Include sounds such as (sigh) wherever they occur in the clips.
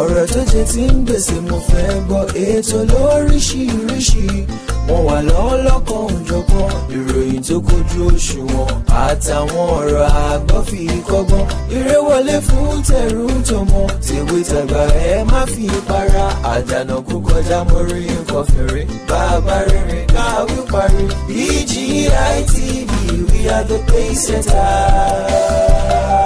ọ̀rọ̀ tó jẹ ti ń gbèsè mo fẹ́ gbọ́ ètò lóríṣiríṣi wọn wà lọ́wọ́ lọ́kàn òjọ̀kan ìròyìn tó kojú òṣùwọ̀n àtàwọn ọ̀rọ̀ àgbọ́ fi kọ́gbọ́n eré wọlé fún tẹ̀rù tọmọ tèwe tàgbà ẹ má fi para àdànà kú kọjá mo rí nǹkan fèrè bàbá rere káwí parí BGI TV we are the pace setters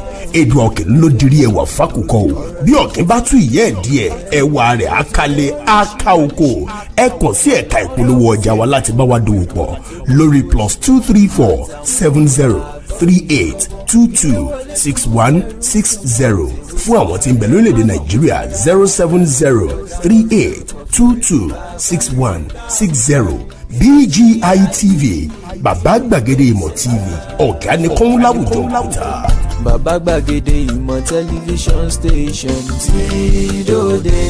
èdùn ọ̀kẹ́ ló dirí ẹwà fákùkọ o bí ọ̀kẹ́ bá tú ìyẹ́ ẹ̀ ẹwà rẹ̀ àkàlẹ̀ àkà oko ẹ kàn sí ẹ̀ka ìpolówó ọjà wa láti bá wa dòwò pọ̀ lórí plus two three four seven zero three eight two two six one six zero fún àwọn tí ń bẹ lórílẹ̀ nàìjíríà zero seven zero three eight two two six one six zero BGI TV bàbá gbàgede ìmọ̀ TV ọ̀gá ni kọ́ńláwùjọ kùtà bàbá gbàgede ìmọ̀ tẹlifíṣọ̀n station tí dòde.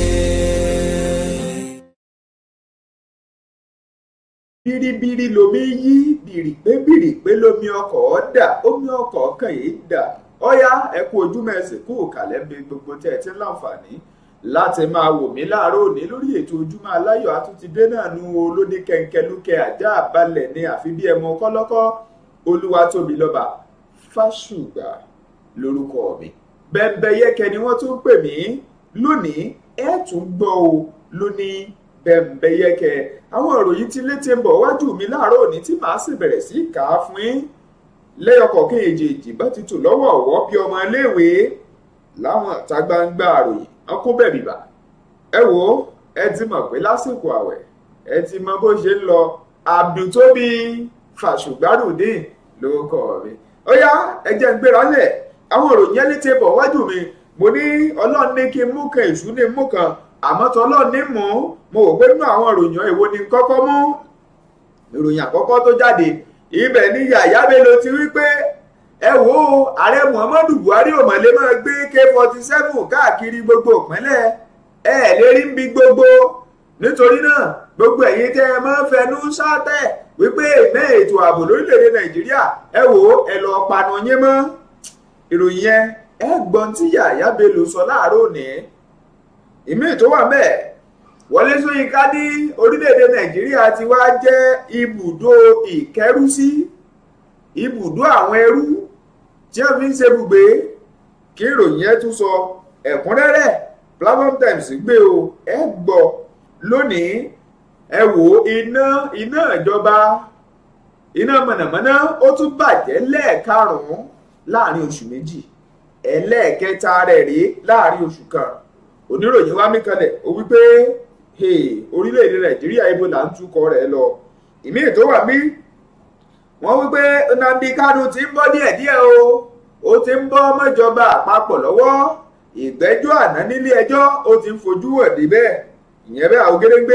bíríbírí lomi yí bìrìpé bìrìpé lomi ọkọ̀ ọ́ dà omi ọkọ̀ kan yìí dà ọ̀yá ẹ kú ojú mẹ́sìn kú òkàlẹ́ bí gbogbo tẹ́ ẹ ti ń láǹfààní láti máa wò mí láàárọ̀ òní lórí ètò ojúmọ́ aláyọ̀ àtúntìdé náà nu olóde kẹ̀kẹ́lúkẹ́ àjá àbalẹ̀ ní àfi bí ẹmọ kọ́lọ́kọ́ olúwa tóbi lọ́ba fáṣùgbà lórúkọ mi bẹ́ńbẹ́yẹ́kẹ́ ni wọ́n tún pè mí lónìí ẹ tún gbọ́ o lónìí bẹ́ńbẹ́yẹ́kẹ́ àwọn ìròyìn tí létí ń bọ̀ wájú mi láàárọ̀ òní tí màá sì bẹ̀rẹ̀ sí kà á fún yín lẹ́yọkọ̀ kéèjì ìdìbò ti tò lọ́wọ́ ọ̀wọ́ bí ọmọ iléèwé láwọn ìta gbangba àròyìn wọn kó bẹ̀ bìbà ẹ wo ẹ ti mọ̀ pé lásìkò àwẹ̀ ẹ ti mọ bó ṣe ń lọ Abdultóbi Fàṣùgbárùdín lórúkọ mi ó yá ẹ jẹ́ ń gbéra lẹ̀ àwọn òròyìn yẹn létí bọ̀ wájú mi mo ní ọlọ́run ní kí n mú kan èṣù ní mú kan àmọ́ tọlọ́run ní mú mo wò pé nínú àwọn òròyìn èwo ni kọ́kọ́ mú ìròyìn àkọ́kọ́ tó jáde ibẹ̀ ni Yàyà Bello ti wí pé ẹ wò ààrẹ Muhammadu Buhari ò mọ̀lẹ́ máa gbé k forty seven káàkiri gbogbo ìpínlẹ̀ ẹ lè rí nbi gbogbo nítorí náà gbogbo ẹ̀yin tẹ́ ẹ máa ń fẹnu sátẹ̀ wípé ìná ètò ààbò lórílẹ̀‐èdè Nàìjíríà ẹ wò ẹ lọ́ọ́ panu yín mọ́ ìròyìn yẹn ẹ gbọ́n tí Yàyà Bello sọ láàárọ̀ òní ìmí tó wà bẹ́ẹ̀ Wọlé Ṣóyínká ní orílẹ̀-èdè Nàìjíríà ti wá jẹ́ ibùdó ìkẹ́rùsí ibùdó àwọn ẹrú tí wọ́n fi ń ṣe ibùgbé kí ìròyìn yẹn tún sọ ẹ̀kúnrẹ́rẹ́ Platform Times gbé o ẹ gbọ́ lónìí ẹ wò iná iná ìjọba iná mọ̀nàmọ́ná ó tún bàjẹ́ lẹ́ẹ̀karùn-ún láàrin oṣù méjì ẹlẹ́ẹ̀kẹta rẹ̀ rèé láàrin oṣù kan oníròyìn wá mí kanlẹ̀ ó wí pé orílẹ̀-èdè nàìjíríà ibo là ń túkọ̀ rẹ̀ lọ ìmí tó wà mí wọ́n wí pé nnamdi kanu ti ń bọ́ díẹ̀díẹ̀ o ó ti ń bọ́ mọ́jọba àpapọ̀ lọ́wọ́ ìgbẹ́jọ́ àná nílé ẹjọ́ ó ti ń fojú hàn débẹ̀ ìyẹn bẹ́ẹ̀ àwọn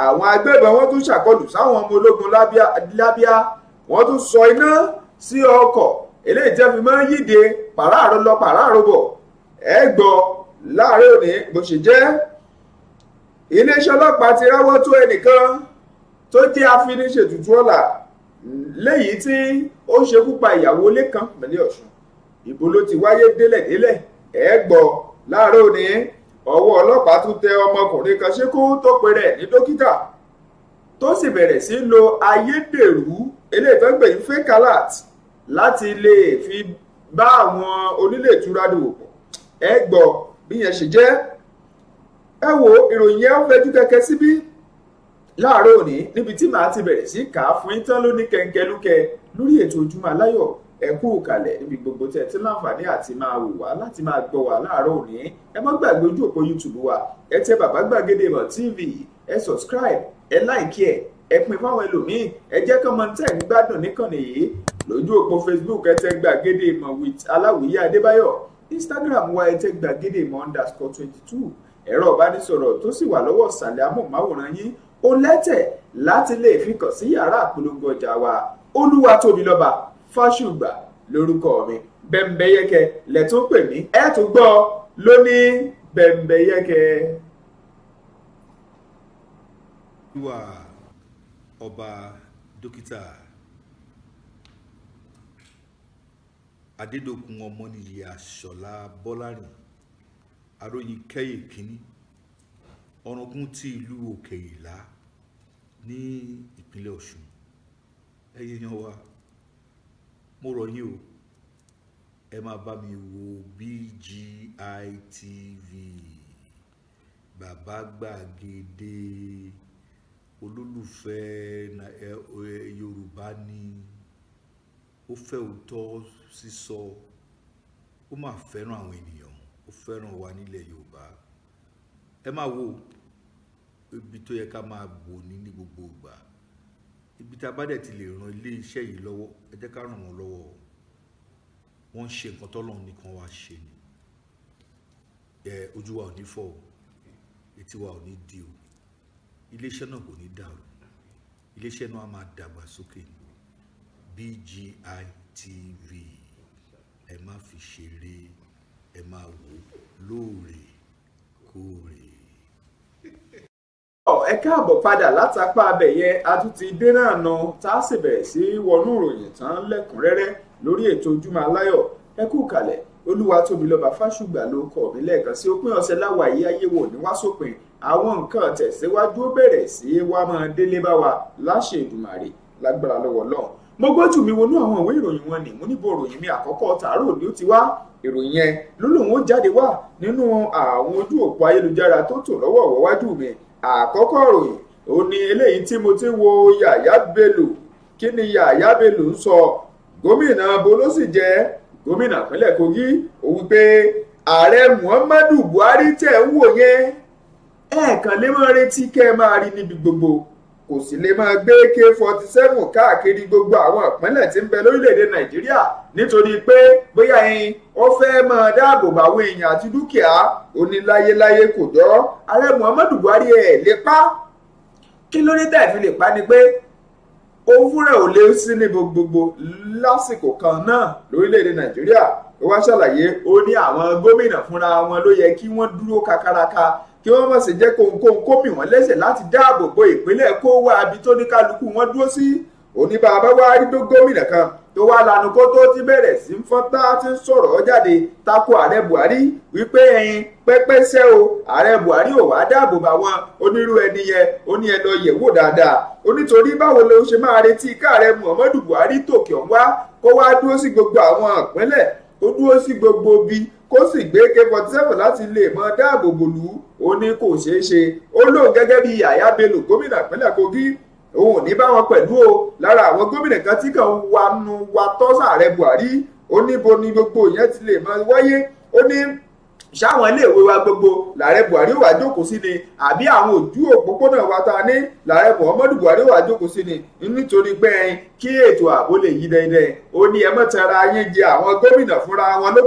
àwọn agbébọn wọ́n tún ṣàkọlù sáwọn ọmọ ológun lábíà wọ́n tún sọ iná sí ọkọ̀ eléyìí tí wọ́n fi máa ń yíde pàráàró lọ pàráàró bọ̀ ẹ gbọ́ láàárọ̀ òní bó ṣe jẹ́ iléeṣẹ́ ọlọ́pàá ti ráwọ́ tó ẹnìkan tó jẹ́ afiniṣètùtù ọ̀la léyìí tí ó ṣekú pa ìyàwó ilé kan pẹ̀lẹ́ ọ̀ṣun ìbò ló ti wáyé délẹ̀délẹ̀ ẹ gbọ́ láàárọ̀ òní ọwọ́ ọlọ́pàá tún tẹ ọmọkùnrin kan ṣekú tó pe rẹ̀ ní dókítà tó sì bẹ̀rẹ̀ sí lo ayédèrú eléyìí tó ń pè ní fake alert láti lè fi bá àwọn onílé ìtura dòwò pọ̀ ẹ gbọ́ bí yẹn ṣe jẹ́ ẹ wo ìròyìn yẹn ó fẹjú kẹ̀kẹ́ síbí láàárọ̀ òní níbi tí màá ti bẹ̀rẹ̀ sí kà á fún yín tán lóní kẹ̀ǹkẹ̀lúkẹ lórí ètò ojúmọ́ aláyọ̀ ẹ kú ìkàlẹ̀ níbi gbogbo tẹ̀ tí láǹfààní àti máa wò wá láti máa gbọ́ wá láàárọ̀ òní ẹ má gbàgbé ojú òpó YouTube wa ẹ tẹ bàbá gbàgede ìmọ̀ TV ẹ subscribe ẹ like ẹ ẹ pín fáwọn ẹlòmíín ẹ jẹ́ kí ọmọ tẹ̀ ń gbádùn níkànnì yìí lójú òpó facebook ẹ tẹ gbàgede ìmọ̀ with aláwìyé adébáyọ̀ instagram wa ẹ tẹ gbàgede ìmọ̀ underscore twenty two ẹ̀rọ ìbánisọ̀rọ̀ tó sì wà lọ́wọ́ ìsàlẹ̀ amóhùnmáwòrán yín ó lẹ́tẹ̀ láti lè fi kàn sí yàrá àpolongo ọjà wa olúwa tóbi lọ́ba fáṣùgbà lórúkọ mi bẹ́ńbẹ́yẹ́kẹ́ lẹ̀ tó pè mí ẹ̀ tó gbọ́ lónìí bẹ́ńbẹ́yẹ́kẹ́ ọba dókítà adédọ̀kun ọmọnìyí àṣọlá bọ́lárìn aróyin kẹ́yè kínní ọ̀ràngún ti ìlú òkè ìlá ní ìpínlẹ̀ ọ̀ṣun ẹ̀yin èèyàn wa mo rọ̀ yín o ẹ máa bá mi wo BGI TV bàbá gbàgede olólùfẹ́ yorùbá ni. Eh, eh, ó fẹ́ òótọ́ sísọ ó máa fẹ́ràn àwọn ènìyàn ó fẹ́ràn wa nílẹ̀ yorùbá ẹ máa wo ibi tó yẹ ká máa wò ní ní gbogbo ìgbà ibi tá a bá dẹ̀ ti lè ran ilé iṣẹ́ yìí lọ́wọ́ ẹ jẹ́ ká ràn wọ́n lọ́wọ́ wọ́n ń ṣe nǹkan tọ́lọ́run nìkan wá ṣe ni ẹ ojú wa ò ní fọ́ o etí wa ò ní di o iléeṣẹ́ náà kò ní dàrú iléeṣẹ́ náà á máa dàgbà sókè ni BGI TV ẹ má fi ṣeré ẹ máa wò lóòrèkóòrè. ẹ káàbọ̀ padà látàpá abẹ̀yẹ a tún ti dé náà nà tá a sì bẹ̀rẹ̀ sí wọnú ìròyìn tán lẹ́kùnrẹ́rẹ́ lórí ètò ojúmọ́ aláyọ̀ ẹ kú kalẹ̀ olúwatóbilọ́ba fásùgbà ló kọ mí lẹ́ẹ̀kan sí òpin ọ̀sẹ̀ láwa yìí ayé wò ní wá sópin àwọn nǹkan tẹ̀síwájú bẹ̀rẹ̀ sí wá máa délé bá wa láṣẹ Èdùmàrè lágbára lọ́wọ́ lọ́hùn mo gbójú mi wọnú àwọn ìwé ìròyìn wọn ni mo níbo ìròyìn mi àkọ́kọ́ tààrọ̀ ni ó ti wá ìròyìn yẹn ló lòun ó jáde wá nínú àwọn ojú òpó ayélujára tó tò lọ́wọ́ ọ̀wọ́wájú mi àkọ́kọ́ ìròyìn ó ní eléyìí tí mo ti wo Yàyà Bello kí ni Yàyà Bello ń sọ gómìnà bolósì jẹ gómìnà ìpínlẹ̀ Kogi ó wí pé ààrẹ Muhammadu Buhari tẹ̀ ń wò yẹn ẹ̀ẹ̀kan lè máa retí kẹ́ ẹ máa rí níbi gbogbo kò sì lè máa gbé AK-47 káàkiri gbogbo àwọn ìpínlẹ̀ tí ń bẹ lórílẹ̀‐èdè nàìjíríà nítorí pé bóyá ẹyin ó fẹ́ máa dáàbò bá àwọn èèyàn àti dúkìá oníláyéláyé kò dọ́ ààrẹ muhammadu buhari ẹ̀ lè pa kí ló dé tẹ̀ fi lè pa ni pé òun fúnra ò lè sí ní gbogbogbò lásìkò kan náà lórílẹ̀‐èdè nàìjíríà ó wá ṣàlàyé ó ní àwọn gómìnà fúnra wọn ló yẹ kí wọ́n dúró kakaraka kí wọ́n má ṣe jẹ́ kóńkóń kó mì wọ́n lẹ́sẹ̀ láti dáàbò bo ìpínlẹ̀ kó wá abi tó ní kálukú wọn dúró sí oníbàbá wa rí tó gómìnà kan tó wá lanu kó tó ti bẹ̀rẹ̀ sí ń fọ́n tá ti ń sọ̀rọ̀ jáde tako ààrẹ buhari wípé ẹyin pẹ́pẹ́sẹ́ o ààrẹ buhari ò wá dáàbò bá wọn onírú ẹni yẹn ó ní ẹnu ọyẹ̀ wò dáadáa ó nítorí báwo ló ṣe máa retí káàrẹ muhammadu buhari tòkè ọ̀hún wá kó wá dúró sí gbogbo àwọn ìpínlẹ̀ kó dúró sí gbogbo bíi kó sì gbé k47 láti lè mọ dáàbò bòlú ó ní kò ṣeé ṣe ó lóun gẹ́gẹ́ bí Yàyà Bello gómìnà ìpínlẹ̀ Kogi òun ò ní bá wọn pẹ̀lú o lára àwọn gómìnà kan tí kàn ń wa nu wa tọ́sà rẹ Buhari ó níbo ni gbogbo ìyẹn ti lè mọ wáyé ó ní ṣáwọn iléèwé wa gbogbo lààrẹ buhari wà jókòó sí ni àbí àwọn ojú òpópónà wa ta ní lààrẹ muhammadu buhari wà jókòó sí ni nítorí pé ẹyin kí ètò ààbò lè yí dẹ́dẹ́ ó ní ẹ mọ̀tara yín jẹ àwọn gómìnà fúnra wọn ló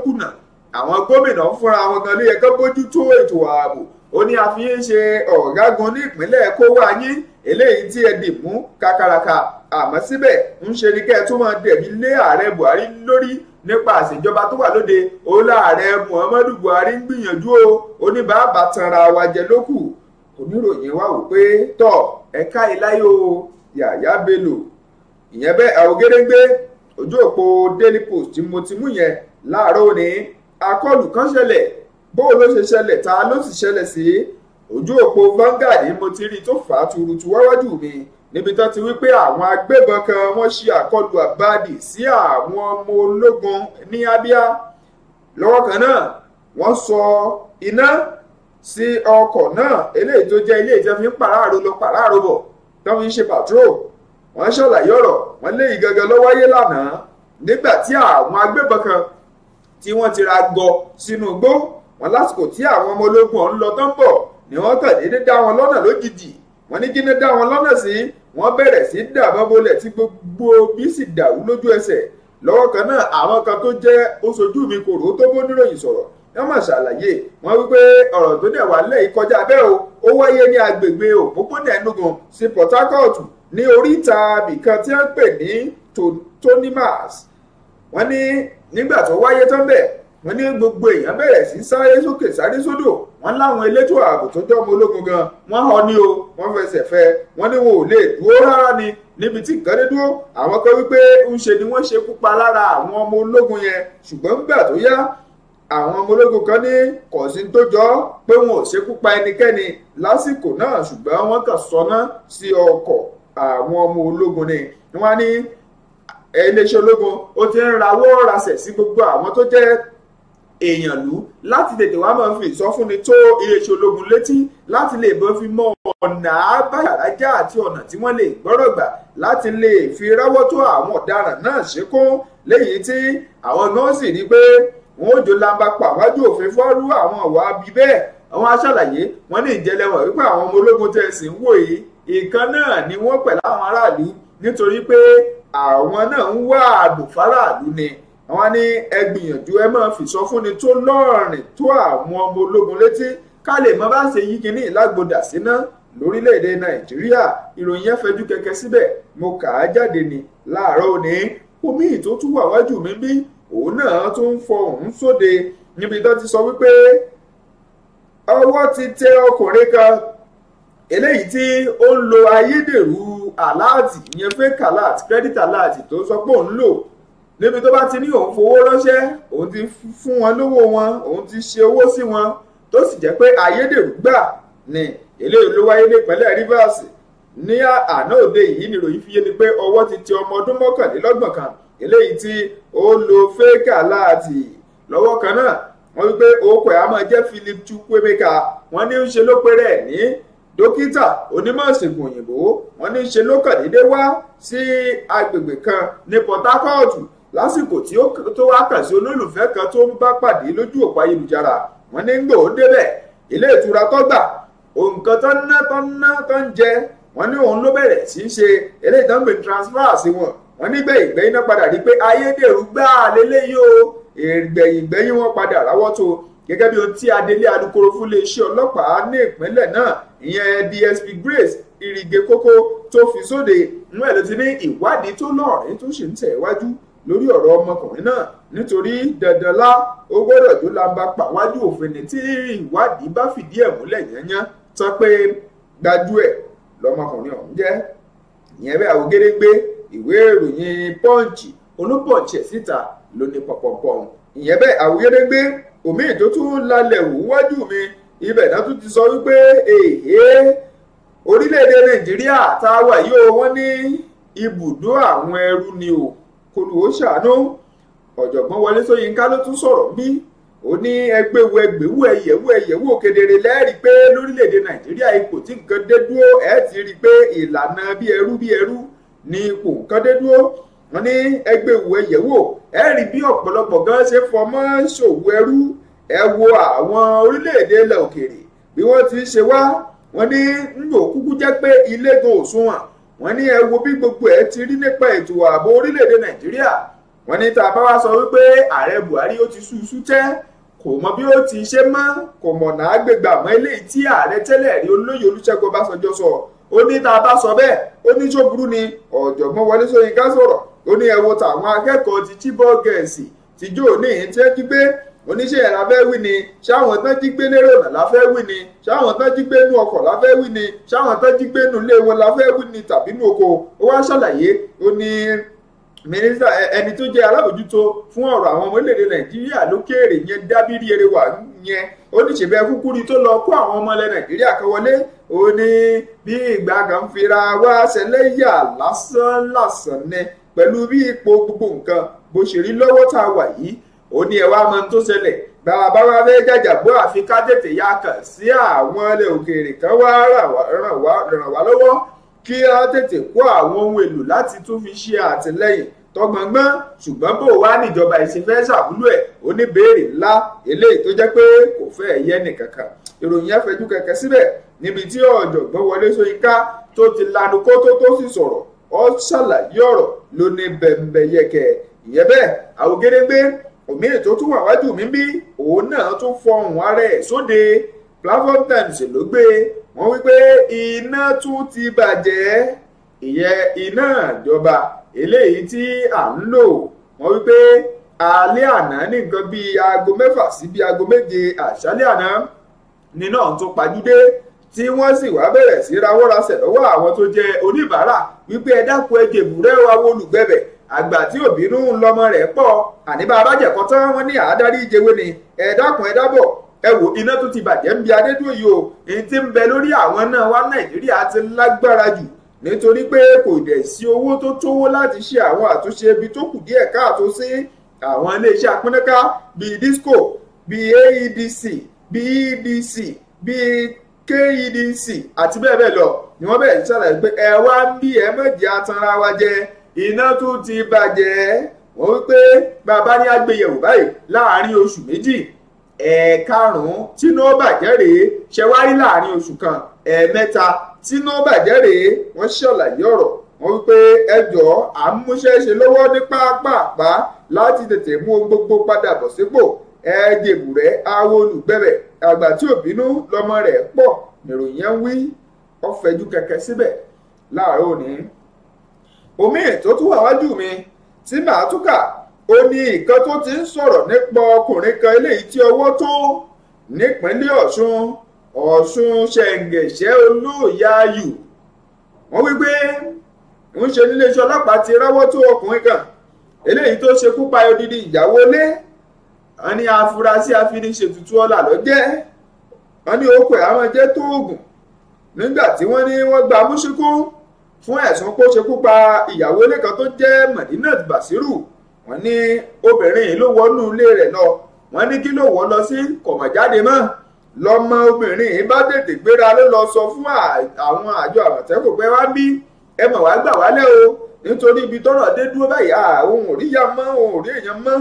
àwọn gómìnà fúnra wọn gan ló yẹ kó bójú tó ètò ààbò ó ní a fi ń ṣe ọ̀gágun ní ìpínlẹ̀ kówá yín eléyìí tí ẹ dì mú kakaraka àmọ́ síbẹ̀ ń ṣe ni kẹ́ ẹ tún máa dẹ̀bi lé ààrẹ Buhari lórí nípa àṣejọba tó wà lóde ó láàrẹ Muhammadu Buhari ń gbìyànjú o oníbàbà tanra wa jẹ lókù oníròyìn wa wò pé tọ ẹ̀ka ìláyò Yàyà Bello ìyẹn bẹ́ẹ̀ àwọn gédéńgbé ojú òpó Daily Post tí mo ti mú yẹn láàárọ̀ òní àkọlù kan ṣẹlẹ̀ bó ló ṣe ṣẹlẹ̀ ta ló sì ṣẹlẹ̀ sí ojú òpó Vanguard ni mo ti rí tó fà á tuurutu wáwájú mi níbi tán ti wí pé àwọn agbébọn kan wọ́n ṣe àkọlù àbáàdì sí àwọn ọmọ ológun ní Abia lọ́wọ́ kan náà wọ́n sọ iná sí ọkọ̀ náà eléyìí tó jẹ́ ilé ìjẹun fi ń pàráàrò lọ pàráàrò bọ̀ tán fi ń ṣe patrol wọ́n ṣàlàyé ọ̀rọ̀ wọ́n léyìí gangan ló wáyé lánàá nígbà tí àwọn agbébọn kan tí wọ́n ti ra gọ sínú igbó wọn lásìkò tí àwọn ọmọ ológun ọ̀hún lọ tán bọ̀ ni wọ́n tàn déédé dá wọn lọ́nà lójijì wọ́n ní kíni dá wọn lọ́nà sí wọ́n bẹ̀rẹ̀ sí dàbọn bolẹ̀ tí gbogbo bí sì dàrú lójú ẹsẹ̀ lọ́wọ́ kan náà àwọn kan tó jẹ́ oṣojú mi kòrò tó bó níròyìn sọ̀rọ̀ wọ́n mà ṣàlàyé wọ́n wípé ọ̀rọ̀ tó dẹ̀ wà lẹ́yìn kọjá bẹ́ẹ̀ o ó wáyé ní agbègbè òpópónà Enugu sí Port Harcourt ní oríta ibìkan tí wọ́n pè ní Tonimas wọ́n ní nígbà tó wáyé tán bẹ́ẹ̀ wọ́n ní gbogbo èèyàn bẹ̀rẹ̀ sí sáré sókè sáré sódò wọ́n láwọn elétò ààbò tó jẹ́ ọmọ ológun gan wọ́n họ ní o wọ́n fẹsẹ̀ fẹ́ wọ́n ní wọn ò lè dúró rárá ni níbi tí nǹkan dé dúró àwọn kan wípé ń ṣe ni wọ́n ṣekú pa lára àwọn ọmọ ológun yẹn ṣùgbọ́n nígbà tó yá àwọn ọmọ ológun kan ní kọ̀sìn tó jọ pé wọn ò ṣekú pa ẹnikẹ́ni lásìkò náà ṣùgbọ́n wọ́n kàn sọná sí ọkọ̀ àwọn ọmọ ológun ni wọ́n á ní iléeṣẹ́ ológun ó ti ń rawọ́ rasẹ̀ sí gbogbo àwọn tó jẹ́ èèyàn lù láti tètè wá máa fi ìsọfúnni tó iléeṣẹ́ ológun létí láti lè bọ́ fi mọ ọ̀nà àbáyàrájá àti ọ̀nà tí wọ́n lè gbọ́rọ̀ gbà láti lè fi ráwọ́ tó àwọn ọ̀daràn náà ṣekún léyìí tí àwọn gan sì ní pé wọn ò jò lamba pa wájú òfin fọ́rú àwọn ọ̀wá bí bẹ́ẹ̀ àwọn aṣàlàyé wọn ní ìjẹlẹwọ̀n wípé àwọn ọmọ ológun tẹ̀sí ń wò yìí ìkan náà ni wọ́n pẹ̀lú àwọn aráàlú nítorí pé àwọn náà ń wá ààbò fáráàlú ni àwọn ní ẹ gbìyànjú ẹ máa fi ìsọfúnni tó lọ́rìn tó àwọn ọmọ ológun létí ká lè mọ bá ṣe yí kinní ìlágbódà síná lórílẹ̀‐èdè nàìjíríà ìròyìn yẹn fẹjú kẹkẹ síbẹ̀ mo kà á jáde ní láàárọ̀ òní omi tó tún wà wájú mi bí òun náà tó ń fọ òun sóde níbi tó ti sọ wípé ọwọ́ ti tẹ ọkùnrin kan eléyìí tí ó ń lo ayédèrú aláàtì ìyẹn fake alert credit alert tó sọ pé òun lò níbi tó bá ti ní òun fowó ránṣẹ́ òun ti fún wọn lówó wọn òun ti ṣe owó sí wọn tó sì jẹ́ pé ayédèrú gbà ni eléyìí ló wáyé nípínlẹ̀ Rivers ní àná òde yìí níròyìn fi yé ni pé ọwọ́ ti tẹ ọmọ ọdún mọ́kànlélọ́gbọ̀n kan eléyìí tí ó lo fake alert lọ́wọ́ kan náà wọ́n wí pé orúkọ ẹ̀ á máa jẹ́ Philip Chukwuemeka wọ́n ní ń ṣe ló pé rẹ̀ ní dókítà onímọ̀ ìṣègùn òyìnbó wọn ní í ṣe ló kàn déédé wá sí agbègbè kan ní Port Harcourt lásìkò tí ó tó wá kàn sí olólùfẹ́ kan tó ń bá pàdé lójú òpó ayélujára wọn ní gbòó débẹ̀ ilé ìtura tó gbà tó ná tó ná tó ń jẹ wọn ní òun ló bẹ̀rẹ̀ sí í ṣe eléyìí tó transfer sí wọn wọn nígbẹ̀ ìgbẹ́yìn náà padà rí pé ayédèrú gbáà lélẹ́yìí o ìgbẹ̀yìn ìgbẹ́yìn wọn padà ráwọ́ tó gẹ́gẹ́ bí ohun tí adelé alukoro fún iléeṣẹ́ ọlọ́pàá ní ìpínlẹ̀ náà ìyẹn DSP Grace irige kókó tó fi sóde inú ẹ̀ ló ti ní ìwádìí tó lọ́ọ̀rín tó sì ń tẹ̀ wájú lórí ọ̀rọ̀ ọmọkùnrin náà nítorí dandanlá ó gbọ́dọ̀ tó lamba pàwájú òfin ní tí ìwádìí bá fìdí ẹ̀ múlẹ̀ yányán tán pé gbajú ẹ̀ lọmọkùnrin ọ̀hún jẹ́ ìyẹn bẹ́ẹ̀ àwògedegbe ìwé ìròyìn pọ́ǹchì olúpọ̀ǹchì ẹ̀ síta ló ní pọ̀pọ̀pọ̀ ìyẹn bẹ́ẹ̀ àwògedegbe omi tó tún lálẹ́ wò wájú mi ibẹ̀ náà tún ti sọ wípé èhé orílẹ̀-èdè nàìjíríà tá a wà yìí o wọ́n ní ibùdó àwọn ẹrú ni o kólúwó ṣàánú ọ̀jọ̀gbọ́n wọlé ṣóyínká ló tún sọ̀rọ̀ bí ó ní ẹgbẹ́wò ẹgbẹ́wò ẹ̀yẹ̀wò ẹ̀yẹ̀wò kedere lẹ́rìí pé lórílẹ̀‐èdè nàìjíríà ipò tí nǹkan dé dúró ẹ̀ ti rí i pé ìlànà bí ẹrú bí ẹrú ni ipò nǹkan dé dúró wọ́n ní ẹgbẹ́ ìwò ẹ̀yẹ̀wò ẹ rí bí ọ̀pọ̀lọpọ̀ gan ṣe fọmọ́ ṣòwò ẹrú ẹ wo àwọn orílẹ̀-èdè ilẹ̀ òkèèrè bí wọ́n ti ṣe wá wọ́n ní ńlò kúkú jẹ́ pé ilé gan òṣùwọ̀n wọ́n ní ẹ wo bí gbogbo ẹ ti rí nípa ètò ààbò orílẹ̀-èdè nàìjíríà wọ́n ní tá a bá wá sọ wípé ààrẹ buhari ó ti ṣuṣu tẹ́ kò mọ bí ó ti ṣe mọ́ kò mọ̀nà àgbègbè àmọ́ eléyìí tí ààrẹ tẹ́lẹ̀ rí olóyè olúṣẹ́gun ọbásanjọ́ sọ ó ní tá a bá sọ bẹ́ẹ̀ ó ní tó burú ni ọ̀jọ̀gbọ́n Wọlé Ṣóyínká sọ̀rọ̀ ó ní ẹ wo tàwọn akẹ́kọ̀ọ́ ti Chibok Girls ti jó ní ìtẹ́jú oníṣẹ́ ẹ̀rá fẹ́ wí ni ṣáwọn tán jí gbé lérò ọ̀nà la fẹ́ ni ṣáwọn tán jí gbé nú ọkọ̀ la fẹ́ ni ṣáwọn tán jí gbé nú ilé wọn la fẹ́ ni tàbí nú oko ó wá ṣàlàyé ó ní mínísítà ẹni tó jẹ́ alábòjútó fún ọ̀rọ̀ àwọn ọmọ orílẹ̀-èdè nàìjíríà lókèèrè yẹn dábírí erewà yẹn ó ní ṣèbẹ kúkúrú tó lọ kó àwọn ọmọ ilẹ̀ nàìjíríà kan wọlé ó ní bí ìgbà kan fira wá ṣẹlẹ́yà lásán lásán ni pẹ̀lú bí ipò gbogbo nǹkan bó ṣe rí lọ́wọ́ tá a wà yìí ó ní ẹ̀wá mọ tó ṣẹlẹ̀ bàbá wa fẹ́ jàjàbọ́ àfi ká tètè ya kàn sí àwọn ilẹ̀ òkèèrè kan wá ràn wá lọ́wọ́ kí á tètè kó àwọn ohun èlò láti tún fi ṣe àtìlẹ́yìn tọgbọngbọn ṣùgbọ́n bó wá níjọba ìṣẹfẹ ṣàmúlò ẹ̀ oníbèrè ńlá eléyìí tó jẹ́ pé kò fẹ́ yẹ nìkankan ìròyìn afẹjú kẹkẹ síbẹ̀ níbi tí ọ̀jọ̀gbọ́n Wọlé Ṣóyínká tó ti lanu kótó tó sì sọ̀rọ̀ ó ṣàlàyé ọ̀rọ̀ ló ní bẹ̀m̀bẹ̀yẹkẹ ìyẹn bẹ́ẹ̀ àwògedegbe òmíràn tó tún wà wájú mi bí òun náà tún fọhùn ara ẹ̀ sóde platform times ló gbé wọ́n wípé iná tún ti bàjẹ́ ìyẹn iná ìjọba eléyìí tí à ń lò wọ́n wípé alẹ́ àná ní nǹkan bíi aago mẹ́fà sí bíi aago méje àṣálẹ́ àná ni náà tún pajúdé tí wọ́n sì wá bẹ̀rẹ̀ sí rawọ́rasẹ̀ lọ́wọ́ àwọn tó jẹ́ oníbàárà wípé ẹ dákun ẹ jèbùrẹ́ wa wo olùgbẹ̀bẹ̀ àgbà tí òbínú ń lọmọ rẹ̀ pọ̀ àní bá abájẹ̀kọ́ tán wọ́n ní àádárí ìjẹwé ni ẹ dákun ẹ dábọ̀ ẹ wò iná tó ti bàjẹ́ ń bi adédúró yìí o èyí tí ń bẹ lórí àwọn náà wá nàìjíríà ti lágbára jù nítorí pé kò dẹ̀ sí owó tó tówó láti ṣe àwọn àtúnṣe ibi tó kù díẹ̀ káàtó sí àwọn iléeṣẹ́ apínnáká bíi disco bíi aedc bíi edc bíi kedc àti bẹ́ẹ̀ bẹ́ẹ̀ lọ ni wọ́n bẹ̀rẹ̀ ṣàlàyé pé ẹ wá ń bí ẹ mọ̀jẹ̀ atanra wa jẹ iná tún ti bàjẹ́ wọ́n wí pé bàbá ní agbèyẹ̀wò báyìí láàárín oṣù méjì ẹ̀ẹ̀karùn-ún tínú bàjẹ́ rèé ṣẹwárí láàrin oṣù kan ẹ̀ẹ̀mẹ́ta tínú bàjẹ́ rèé wọ́n ṣàlàyé ọ̀rọ̀ wọ́n wípé ẹjọ́ à ń múṣẹ́ ṣe lọ́wọ́ ní pápápá láti tètè mú gbogbo padà bọ̀ sípò ẹ̀ẹ́dẹ̀bùrẹ́ awo olùgbẹ̀bẹ̀ àgbà tí ò bínú lọ́mọ rẹ̀ pọ̀ nìròyìn yẹn wí ó fẹjú kẹ̀kẹ́ síbẹ̀ láàárọ̀ òní. omi ètò tún wà wájú mi tí màá túkà ó ní nǹkan tó ti ń sọ̀rọ̀ nípa ọkùnrin kan eléyìí tí ọwọ́ tó nípínlẹ̀ ọ̀ṣun ọ̀ṣun ṣẹ̀ǹgẹ̀ṣẹ́ olóòyà ayù wọ́n wípé ń ṣe níléeṣẹ́ ọlọ́pàá ti rọ́wọ́ tó ọkùnrin kan eléyìí tó ṣekú pa odidi ìyàwó ilé wọn ní afurasí afiniṣètùtù ọlà ló jẹ́ wọn ní okùn ẹ̀ àwọn jẹ́ tóògùn nígbà tí wọ́n ní wọ́n gba múṣíkú fún ẹ̀sùn kó ṣekú pa ìyàwó ilé tó jẹ́ Mọ̀dínà Bàṣírù wọ́n ní obìnrin yìí ló wọnú ilé rẹ̀ lọ wọ́n ní kí ló wọ́ lọ sí kọ̀mọ̀jáde mọ́ lọ́mọ obìnrin yìí bá tètè gbéra ló lọ sọ fún àwọn àjọ àmọ̀tẹ́kùn pé wá bí ẹ mọ̀ wá gbà wálẹ̀ o nítorí ibi tọ́rọ̀ dé dúró báyìí òun ò rí ya mọ́ òun ò rí èèyàn mọ́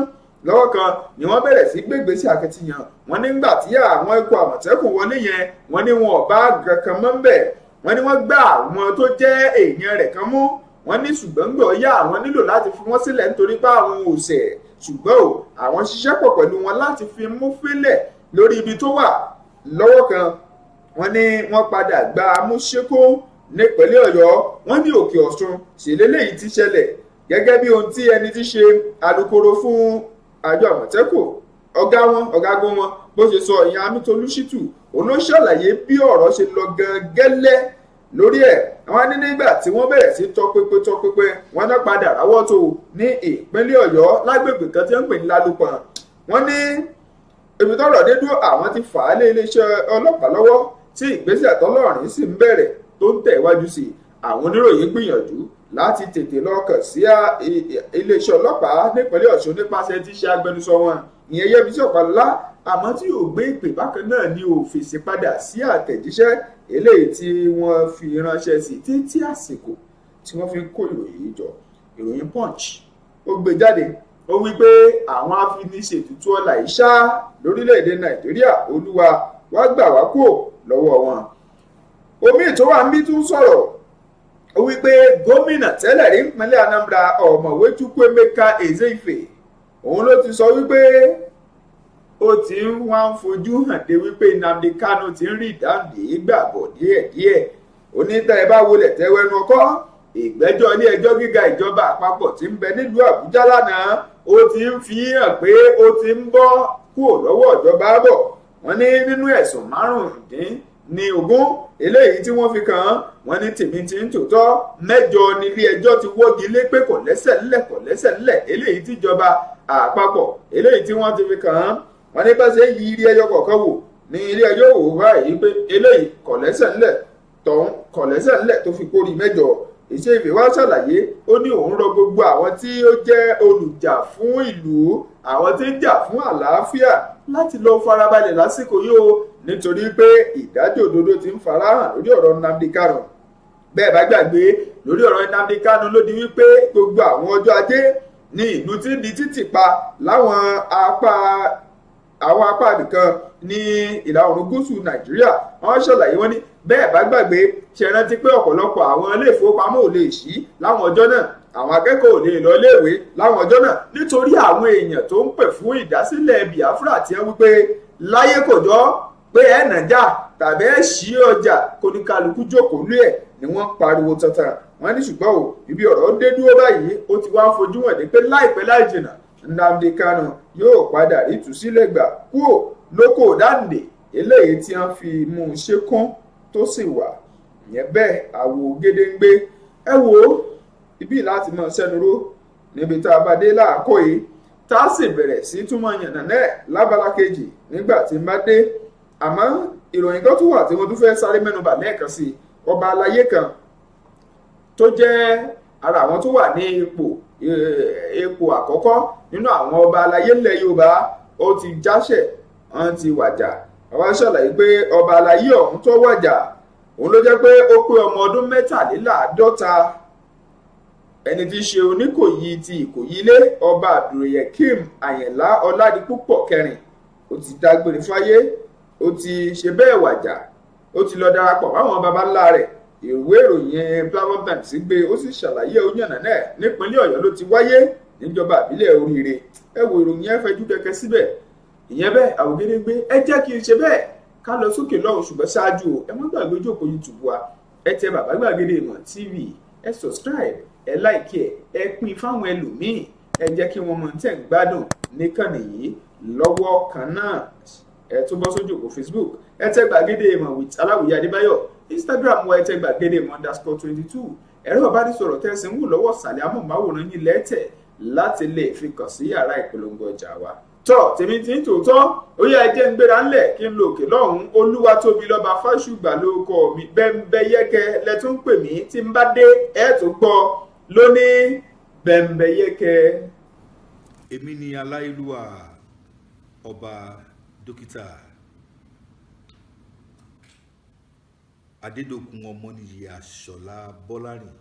lọ́wọ́ kan ni wọ́n bẹ̀rẹ̀ sí gbégbé sí akitiyan wọ́n nígbà tí àwọn ikọ̀ àmọ̀tẹ́kùn wọlé yẹn wọ́n ní wọn ò bá kankan mọ́ ń bẹ̀ wọ́n ní wọ́n gbá àwọn tó jẹ́ èèyàn rẹ̀ kan mú wọ́n ní ṣùgbọ́n gbọ́ yá àwọn nílò láti fi wọ́n sílẹ̀ nítorí pé àwọn ò ṣẹ̀ ṣùgbọ́n o àwọn ṣiṣẹ́ pọ̀ pẹ̀lú wọn láti fi mú fílẹ̀ lórí ibi tó wà lọ́wọ́ kan wọ́n ní wọ́n padà gba amúṣekó nípínlẹ̀ ọ̀yọ́ wọ́n ní òkè ọ̀ṣun ṣèlélẹ́yìí ti ṣẹlẹ̀ gẹ́gẹ́ bí ohun tí ẹni ti ṣe alukoro fún àjọ àmọ̀tẹ́kùn ọ̀gá wọn ọ̀gágun wọn bó ṣe sọ ìyẹn amítolú ṣítù òun ló ṣàlàyé bí ọ̀rọ̀ ṣe lọ gan lórí ẹ̀ wọ́n ní nígbà tí wọ́n bẹ̀rẹ̀ sí tọpẹpẹ tọpẹpẹ wọ́n náà padà ráwọ́ tó ní ìpínlẹ̀ ọ̀yọ́ lágbègbè kan tí wọ́n ń pè ní lálùpọ̀n wọ́n ní èmi tọrọ dé dúró àwọn ti fà á lé iléeṣẹ́ ọlọ́pàá lọ́wọ́ tí ìgbésẹ̀ tọlọ́run sì ń bẹ̀rẹ̀ tó ń tẹ̀ iwájú sí àwọn oníròyìn gbìyànjú láti tètè lọ kàn sí iléeṣẹ́ ọlọ́pàá nípínlẹ̀ ọ̀ṣun nípasẹ̀ tíṣe agbẹnusọ wọn ìyẹn yẹbi tí ọ̀pá ńlá àmọ́ tí yóò gbé ìpè bákan náà ni ò fèsì padà sí àtẹ̀jíṣẹ́ eléyìí tí wọ́n fi ránṣẹ́ sí títí àsìkò tí wọ́n fi ń kó ìròyìn jọ ìròyìn punch ó gbé e jáde ó wí pé àwọn afiniṣètùtù ọlà ìṣá lórílẹ̀‐èdè nàìjíríà olúwa wá gbà wá kúò lọ́wọ́ wọn. omi tó wà ń bí tún sọ̀rọ̀ ó wí pé gómìnà tẹ́lẹ̀ rí ìpínlẹ̀ Anambra ọ̀mọ̀wé Chukwuemeka Ezeife òun ló ti sọ wípé ó ti ń wá ń fojú hàn dé wípé Nnamdi Kanu ti ń rí ìdáǹdè gbàbọ̀ díẹ̀díẹ̀ onítẹ̀ bá wọlẹ̀ tẹ́wẹ́nu ọkọ́ ìgbẹ́jọ́ ilé ẹjọ́ gíga ìjọba àpapọ̀ ti ń bẹ nílùú àbújá lánàá ó ti ń fi hàn pé ó ti ń bọ́ kúrò lọ́wọ́ ìjọba bọ̀ wọ́n ní nínú ẹ̀sùn márùndín ní ogún eléyìí tí wọ́n fi kàn án wọ́n ní tèmi ti ń tòótọ́ mẹ́jọ nílé ẹjọ́ ti wọ́gi lé pé kò lẹ́sẹ̀ ńlẹ̀ kò lẹ́sẹ̀ ńlẹ̀ eléyìí tíjọba àpapọ̀ eléyìí tí wọ́n ti fi kàn án wọ́n ní bẹ́sẹ̀ yí ilé ẹjọ́ kọ̀ọ̀kan wò ní ilé ẹjọ́ wò báyìí pé eléyìí kọ̀lẹ́sẹ̀ ńlẹ̀ tọ̀hún kọ̀lẹ́sẹ̀ ńlẹ̀ tó fi kórìí mẹ́jọ ìṣèfì wá ṣàlàyé ó ní òun rọ gbogbo àwọn tí ó jẹ́ olùjà fún ìlú àwọn tí ń jà fún àlàáfíà láti lọ farabalẹ̀ lásìkò yìí o nítorí pé ìdájọ́ òdodo ti ń farahàn lórí ọ̀rọ̀ Nnamdi Kanu bẹ́ẹ̀ bá gbàgbé lórí ọ̀rọ̀ Nnamdi Kanu ló di wípé gbogbo àwọn ọjọ́ ajé ní ìlú tí di títì pa láwọn apá àwọn apá nìkan ní ìlà oòrùn gúúsù nàìjíríà wọn ṣàlàyé wọn ní bẹ́ẹ̀ bá gbàgbé ṣe rántí pé ọ̀pọ̀lọpọ̀ àwọn ilé ìfowópamọ́ ò lè ṣí láwọn ọjọ́ náà àwọn akẹ́kọ̀ọ́ ò lè lọ iléèwé láwọn ọjọ́ náà nítorí àwọn èèyàn tó ń pè fún ìdásílẹ̀ Biafra tí wọ́n wípé láyé kò jọ pé ẹ nàjà tàbí ẹ ṣí ọjà kóníkálukú jókòó lé ẹ̀ ni wọ́n pariwo tantan wọ́n ní ṣùgbọ́n o ibi ọ̀rọ̀ ń dé dúró báyìí ó ti wá ń fojú hàn ní pé láìpẹ́ láì jìnnà Nnamdi Kanu yóò padà rí ìtúsílẹ̀ kúò lóko dáǹdè eléyìí tí wọ́n fi mú un ṣekún tó sì wà ìyẹn bẹ́ẹ̀ àwò gédéǹgbé ẹ wò ibi láti mọ sẹ́nuró níbi tá a bá dé láàkó yìí tá a sì bẹ̀rẹ̀ sí túmọ̀ yànnà náà lábala kejì nígbà tí n bá dé àmọ́ ìròyìn kan tún wà tí wọ́n tún fẹ́ sáré mẹ́nubà lẹ́ẹ̀kan sí ọba aláyé kan tó jẹ́ ara àwọn tó wà ní ipò eh, ipò àkọ́kọ́ nínú àwọn ọba aláyé ńlẹ̀ Yorùbá ó ti jáṣẹ̀ wọ́n ti wàjà àwa ṣàlàyé pé ọba aláyé ọ̀hún tó wàjà òun ló jẹ́ pé ó pé ọmọ ọdún mẹ́tàléláàádọ́ta ẹni tí í ṣe oníkòyí ti ìkòyí ilé ọba abdulyakeem àyìnlá ọládìpúpọ̀ kẹrin ó ti dágbére fáyé ó ti ṣe bẹ́ẹ̀ wàjà ó ti lọ darapọ̀ báwọn baba ńlá rẹ̀ ìwé ìròyìn platform times gbé ó sì ṣàlàyé oníyànnà náà nípínlẹ̀ ọ̀yọ́ ló ti wáyé níjọba àbílẹ̀ oríire ẹ wo ìròyìn ẹ fẹjú kẹkẹ síbẹ̀ ìyẹn bẹ́ẹ̀ àwògede gbé ẹ jẹ́ kí n ṣe bẹ́ẹ̀ ká lọ sókè lọ́hùn ṣùgbọ́n ṣáájú o ẹ má gbàgbé ojú òpó youtube wa ẹ tẹ bàbá gbàgede ìmọ̀ tv ẹ subscribe ẹ like ẹ ẹ pín fáwọn ẹlòmíì ẹ jẹ́ kí wọ́n mọ tẹ̀ ń gbádùn nìkànnì yìí lọ́wọ́ kan náà ẹ tún bọ́ sójú òpó facebook ẹ tẹ gbàgede ìmọ̀ with aláwòye adébáyọ̀ instagram wa ẹtẹ gbàgede mọ underscore twenty two ẹ̀rọ ìbánisọ̀rọ̀ tẹ̀sí ń wù lọ́wọ́ sàlẹ̀ amóhùnmáwòrán yín lẹ́tẹ̀ láti lè fi kàn sí yàrá ìpolongo ọjà wa. tọ́ tèmi ti ń tòótọ́ ó yá ẹjẹ́ ń gbéra ńlẹ̀ kí n lò òkè lọ́hùn-ún olúwa tóbi lọ́ba fáṣùgbà lóko mi bẹ́ńbẹ́ yẹ́kẹ́ lẹ tún pè mí tí n bá dé ẹ̀ tó gbọ́ lónìí bẹ́ńbẹ́ yẹ́kẹ́. èmi ni aláìlúwà ọba dókítà adédọ̀kun ọmọnìyí àṣọlá bọ́lárìn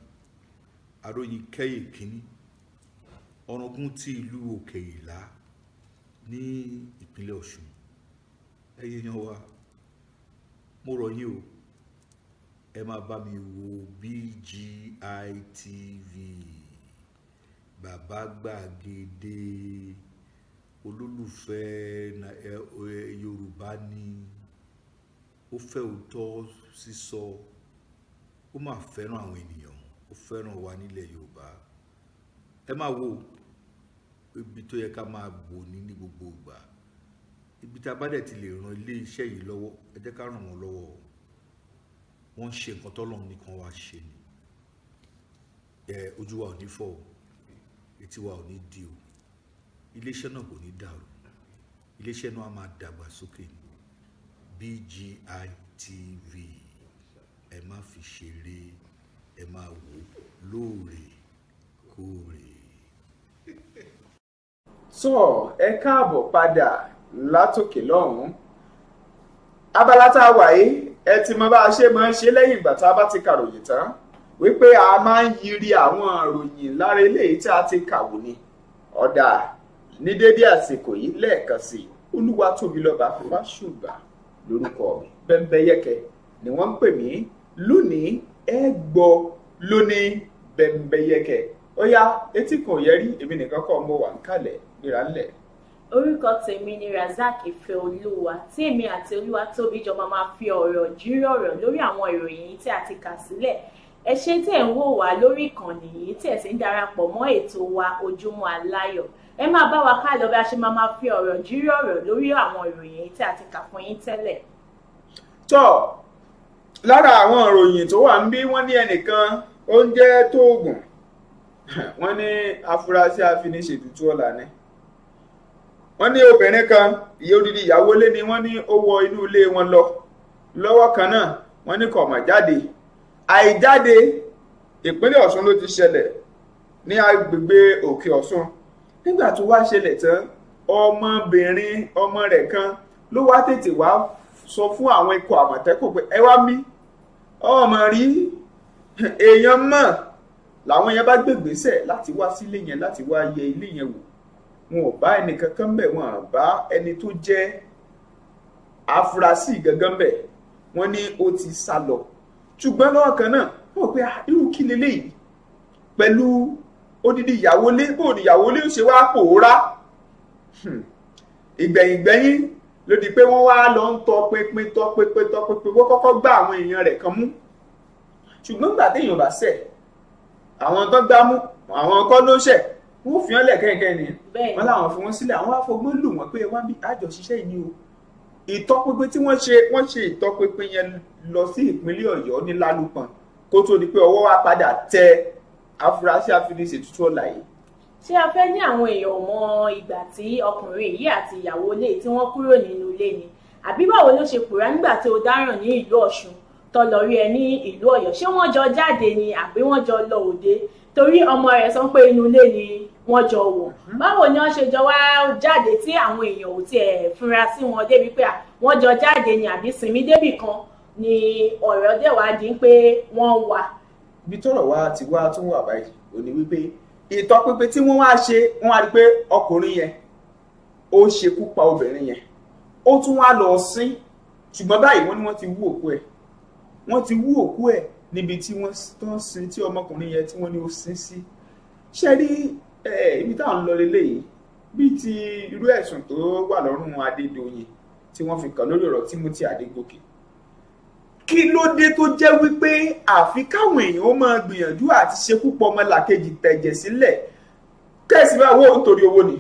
aróyin kẹ́yè kínní ọ̀rọ̀gún ti ìlú òkè ìlá ní ìpínlẹ̀ ọ̀ṣun ẹ̀yin èèyàn wa mo rọ̀ yín o ẹ máa bá mi wo BGI TV bàbá gbàgede olólùfẹ́ yorùbá ni. Eh, eh, ó fẹ́ òótọ́ sísọ ó máa fẹ́ràn àwọn ènìyàn ó fẹ́ràn wa nílẹ̀ yorùbá ẹ máa wo ibi tó yẹ ká máa bò ní ní gbogbo ìgbà ibi tá a bá dẹ̀ ti lè ran ilé iṣẹ́ yìí lọ́wọ́ ẹ jẹ́ ká ràn wọ́n lọ́wọ́ wọ́n ń ṣe nǹkan tọ́lọ́run nìkan wá ṣe ni ẹ ojú wa ò ní fọ́ etí wa ò ní di o iléeṣẹ́ náà kò ní dàrú iléeṣẹ́ náà á máa dàgbà sókè ni BGI ẹ má fi ṣeré ẹ máa wò lóòrèkóòrè. tó ẹ káàbọ̀ padà látòkè lọ́hùn-ún abala tá a wà yìí ẹ ti mọ bá a ṣe máa ń ṣe lẹ́yìn ìgbà tá a bá ti kàròyìn tán wípé a máa ń yiri àwọn ìròyìn lára eléyìí tí a ti kàwò ni ọ̀dà ní dédé àsìkò yìí lẹ́ẹ̀kan sí olúwa tóbi lọ́ba fáṣùgbà lórúkọ mi bẹ́ńbẹ́yẹ́kẹ́ ni wọ́n ń pè mí lónìí ẹ gbọ́ lónìí bẹ́ńbẹ́yẹ́kẹ́ ó yá etí kan èmi nìkan kọ́ mo wà ń kalẹ̀ gbéra ńlẹ̀. orúkọ tèmi ni Razak Ifeolúwa tí èmi àti Olúwatóbi jọ máa máa fi ọ̀rọ̀ jíròrò lórí àwọn ìròyìn yìí tí a ti kà sílẹ̀ ẹ ṣé tẹ̀ ń wò wá lórí ìkànnì yìí tẹ̀ sí ń darapọ̀ mọ́ ètò wa ojúmọ́ aláyọ̀ ẹ máa bá wa ká lọ bí a ṣe máa máa fi ọ̀rọ̀ jírí ọ̀rọ̀ lórí àwọn ìròyìn tí a ti kà fún yín tẹ́lẹ̀. tọ́ lára àwọn ìròyìn tó wà ń bí wọ́n ní ẹnìkan ó ń jẹ́ tóògùn wọ́n ní afurasí afiniṣètùtù ọ̀la ni wọ́n ní obìnrin kan ìyá ìyàwó lé ni wọ́n ní ó wọ inú ilé wọn lọ lọ́wọ́ kan náà wọ́n ní kọ̀mọ̀ jáde àìjáde ìpínlẹ̀ ọ̀ṣun ló ti ṣẹlẹ̀ ní agbègbè òkè ọ̀ṣun nígbà tó wá ṣẹlẹ̀ tán ọmọbìnrin ọmọ rẹ̀ kan ló wá tètè wá sọ fún àwọn ikọ̀ àmọ̀tẹ́kùn pé ẹ wá mí ọmọ rí èèyàn mọ̀ làwọn yẹn bá gbègbèsẹ̀ láti wá sílé yẹn láti wá yẹ ilé yẹn wò wọn ò bá ẹnìkankan ń bẹ̀ wọn à bá ẹni tó jẹ́ afurasí gangan bẹ̀ wọ́n ní ó ti sá lọ ṣùgbọ́n lọ́wọ́ kan náà wọ́n pe ah, irú kí leléyìí pẹ̀lú odidi ìyàwó lé bó ìyàwó lé ṣe wá pòórá hmm. ìgbẹ̀yìn gbẹ̀yìn ló di pé wọ́n wá lọ ń tọ pinpin tọ pinpin tọ pinpin wọ́n kọ́kọ́ gbá àwọn èèyàn rẹ̀ kan mú ṣùgbọ́n gbà téèyàn bá ṣẹ̀ àwọn tó gbá mú àwọn kọ́ ló ṣẹ̀ wọ́n fi hàn lẹ́kẹ̀kẹ́ ni wọ́n láwọn fi wọ́n sílẹ̀ àwọn afogbọ́n lù wọ́n pé wá bí àjọṣiṣẹ́ yìí ni o ìtọpinpin tí wọ́n ṣe wọ́n ṣe ìtọpinpin yẹn lọ sí ìpínlẹ̀ Ọ̀yọ́ ní lálùpọ̀n kó tó di pé ọwọ́ wa padà tẹ afurasí afinìṣètùtù ọ̀la yìí. ṣé a fẹ́ ní àwọn èèyàn mọ ìgbà tí ọkùnrin yìí àti ìyàwó ilé tí wọ́n kúrò nínú ilé ni àbí báwo ló ṣe pòórá nígbà tó dáràn ní ìlú ọ̀ṣun tó lọ rí ẹ ní ìlú ọ̀yọ́ ṣé wọ́n jọ jáde ni àbí wọ́n jọ lọ òde torí ọmọ rẹ̀ sọ pé inú ilé ni wọ́n jọ wọ̀ mhm. báwo ni wọ́n ṣe jọ wá jáde tí àwọn èèyàn ò tiẹ̀ fura sí wọn débi pé wọ́n jọ jáde ni àbí sinmi débì kan ni ọ̀rọ̀ dẹ̀ wá di pé wọ́n wà ibi tọ́rọ̀ wa ti wá tún wà báyìí ò ní wípé ìtọpinpin tí wọ́n wá ṣe wọ́n á rí pé ọkùnrin yẹn ó ṣekú pa obìnrin yẹn ó tún wá lọ sí ṣùgbọ́n báyìí wọ́n ní wọ́n ti wú òkú ẹ̀ wọ́n ti wú òkú ẹ̀ níbi tí wọ́n tán sin tí ọmọkùnrin yẹn tí wọ́n ní ó sin sí ṣe rí ibi táwọn ń lọ lélẹ́yìí bíi ti irú ẹ̀sùn tó wà lọ́rùn Adédoyin tí wọ́n fi kàn lórí ọ̀rọ̀ Timothy Adégòkè kí ló dé tó jẹ́ wípé àfi káwọn èèyàn ó máa gbìyànjú àti ṣekú pọ̀ ọmọlàkejì tẹ̀jẹ̀ sílẹ̀ kẹ́sì bá owó nítorí owó ni.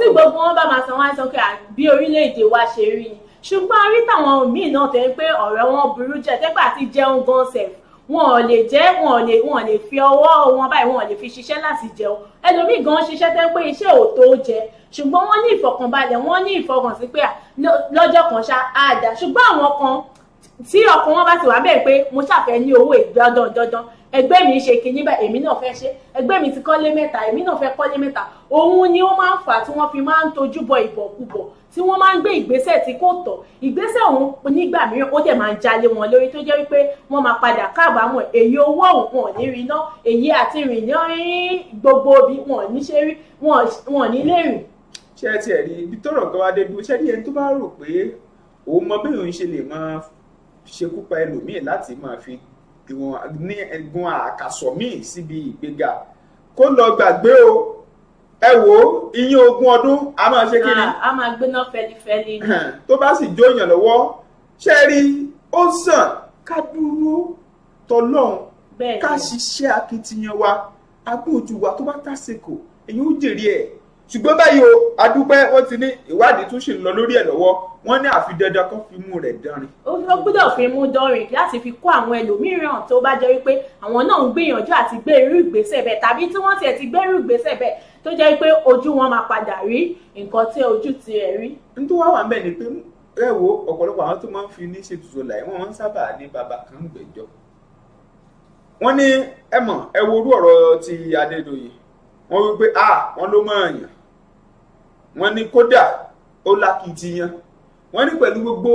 tí gbogbo wọn bá máa san wá sọ pé bí orílẹ̀-èdè wa ṣe rí ni ṣùgbọ́n a rí táwọn míì náà tẹ́ pé ọ̀rọ̀ wọn burú jẹ́ tẹ́pà ti jẹun gan sẹ̀ wọn ò lè jẹ́ wọn ò lè wọn ò lè fi ọwọ́ wọn báyìí wọn ò lè fi ṣiṣẹ́ láti jẹun ẹlòmíì gan ṣiṣẹ́ tẹ́ pé iṣẹ́ ò tó jẹ ṣùgbọ́n wọ́n ní ìfọ̀kànbalẹ̀ wọ́n ní ìfọkànsí pé lọ́jọ́ kan ṣá àdá ṣùgbọ́n àwọn kan tí ọkùnrin wọn bá ti wà bẹ́ẹ̀ pé mo ṣàfẹ́ ní owó ìdandan dandan ẹgbẹ́ mi ṣe kínní bá èmi náà fẹ́ ṣe ẹgbẹ́ mi ti kọ́lé mẹ́ta èmi náà fẹ́ kọ́lé mẹ́ta òun ni ó máa ń fà tí wọ́n fi máa ń tojú bọ ìbọ̀kúbọ̀ tí wọ́n máa ń gbé ìgbésẹ̀ tí kò tọ́ ìgbésẹ̀ ọ̀hún nígbà mìíràn ó dẹ̀ máa ń jalè wọn lórí tó jẹ́ wípé wọ́n máa padà kábàámọ̀ èyí owó ọ̀hún wọn ò ní rí iná èyí àti rìn ní gbogbo òbí wọn ò ní ṣe rí wọn ò ní lè rìn. ṣé ẹ tiẹ̀ rí ibi tọ́rọ̀ ṣekúpa ẹlòmíì láti máa fi gun àkàsọ̀ míì síbi ìgbéga kó lọ gbàgbé o ẹ wò ó ogún ọdún a máa ṣe kí ni. a máa gbéná fẹlifẹli ni. tó bá sì jó èèyàn lọ́wọ́ ṣe rí ó sàn ká dúró tọlọ́run ká ṣiṣẹ́ akitiyan wa agbóòjú wa tó bá tàsìkò èyí ó jèrè ẹ̀ ṣùgbọ́n báyìí o adúpẹ́ ó ti ní ìwádìí tún ṣì ń lọ lórí ẹ̀ lọ́wọ́ wọ́n ní àfi dandan kan fi mú rẹ̀ dánrin. ó gbọ́dọ̀ fi mú dánrin láti fi kó àwọn ẹlòmíràn tó bá jẹ́ wípé àwọn náà ń gbìyànjú àti gbé irú ìgbésẹ̀ bẹ́ẹ̀ tàbí tí wọ́n tiẹ̀ ti gbé irú ìgbésẹ̀ bẹ́ẹ̀ tó jẹ́ pé ojú wọn máa padà rí nǹkan tí ojú ti ẹ̀ rí. n tó wá wà mẹ́ni pé ẹ wo ọ̀pọ̀lọpọ̀ àwọn tó máa ń fi ní ṣètùtù láì wọ́n máa ń sábà ní baba kan gbẹ̀jọ́ wọ́n ní ẹ mọ̀ ẹ wo orú ọ̀rọ̀ ti Adédoyin wọ́n wí pé ah wọ́n ló mọ̀ ọ̀yàn wọ́n ní kódà ó lákìtìyàn wọ́n ní pẹ̀lú gbogbo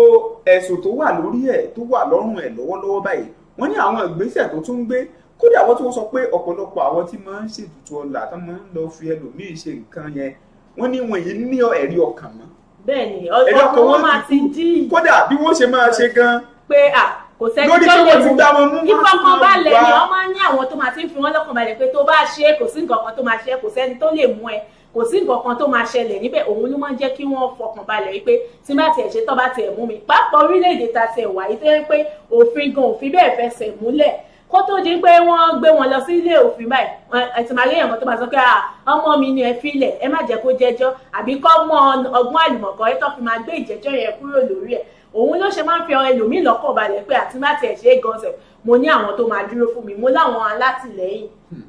ẹ̀sùn tó wà lórí ẹ̀ tó wà lọ́rùn ẹ̀ lọ́wọ́lọ́wọ́ báyìí wọ́n ní àwọn ìgbésẹ̀ tó tún ń gbé kódà wọ́n tí wọ́n sọ pé ọ̀pọ̀lọpọ̀ àwọn tí máa ń ṣètùtù ọlà tó máa ń lọ fi ẹlòmíì ṣe nǹkan yẹn wọ́n ní wọ̀nyí ní ẹ̀rí ọkàn mọ́. bẹ́ẹ̀ni ọkàn wọn máa ti dí. kódà bí wọ́n ṣe máa ṣe gan. pé à kò sẹ́ni tó lè mú ìfọkànbalẹ̀ ni wọ́n máa ń ní àwọn tó máa ti ń fi wọ́n lọ́kànbalẹ̀ pé tó bá ṣe é kò sí nǹkan kan tó máa ṣe é kò sẹ́ni tó lè mú ẹ kò sí nǹkan kan tó máa ṣẹlẹ̀ níbẹ̀ òun ló máa ń jẹ́ kí wọ́n fọkàn balẹ̀ wípé tí bá tiẹ̀ ṣe tó bá tiẹ̀ mú mi pápá orílẹ̀-èdè ta tiẹ̀ wà yìí tó yẹ pé òfin gan òfin bẹ́ẹ̀ fẹsẹ̀ múlẹ̀ kó tó di pé wọ́n gbé wọn lọ sí ilé òfin báyìí ẹ̀tìmáyé èèyàn kan tó máa sọ pé ọmọ mi ni ẹ filẹ̀ ẹ má jẹ́ kó jẹ́jọ́ àbí kọ́ mọ ọgbọ́n àlùmọ̀kọ́ ẹ tó fi máa gbé ìjẹ́jọ́ yẹn kúrò lórí ẹ̀ òun ló ṣe máa ń fi ẹlòmíì lọ́kàn balẹ̀ pé àti má tiẹ̀ ṣe é gan sẹ̀ mo ní àwọn tó máa dúró fún mi mo láwọn alátìlẹ́yìn. Hmm.